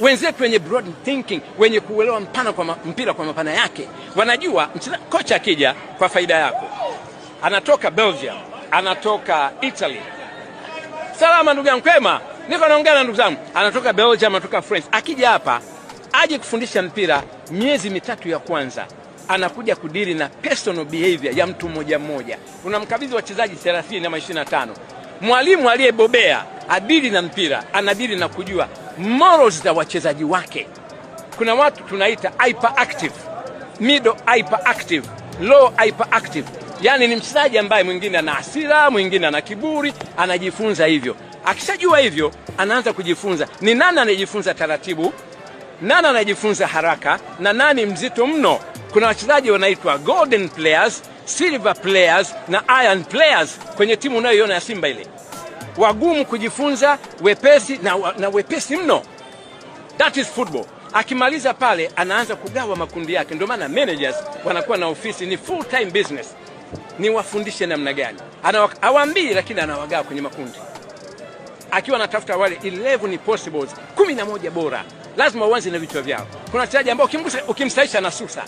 wenzetu wenye broad thinking, wenye kuelewa mpana kwa mpira kwa mapana yake, wanajua mchina, kocha akija kwa faida yako, anatoka Belgium, anatoka Italy. Salama ndugu yangu, kwema, niko naongea na ndugu zangu, anatoka Belgium, anatoka France. Akija hapa aje kufundisha mpira miezi mitatu ya kwanza anakuja kudiri na personal behavior ya mtu mmoja mmoja. Unamkabidhi wachezaji 30 ama 25. Mwalimu aliyebobea adili na mpira, anadili na kujua morals za wachezaji wake. Kuna watu tunaita hyperactive, middle hyperactive, low hyperactive, yaani ni mchezaji ambaye mwingine ana hasira, mwingine ana kiburi, anajifunza hivyo. Akishajua hivyo, anaanza kujifunza ni nani anajifunza taratibu, nani anajifunza haraka na nani mzito mno. Kuna wachezaji wanaitwa golden players, silver players na iron players kwenye timu unayoiona ya Simba ile wagumu kujifunza, wepesi na, na wepesi mno. That is football. Akimaliza pale anaanza kugawa makundi yake. Ndio maana managers wanakuwa na ofisi, ni full time business. Ni wafundishe namna gani, awaambii, lakini anawagawa kwenye makundi, akiwa anatafuta wale 11 possibles, kumi na moja bora. Lazima uanze na vichwa vyao. Kuna wachezaji ambao ukimsaisha na susa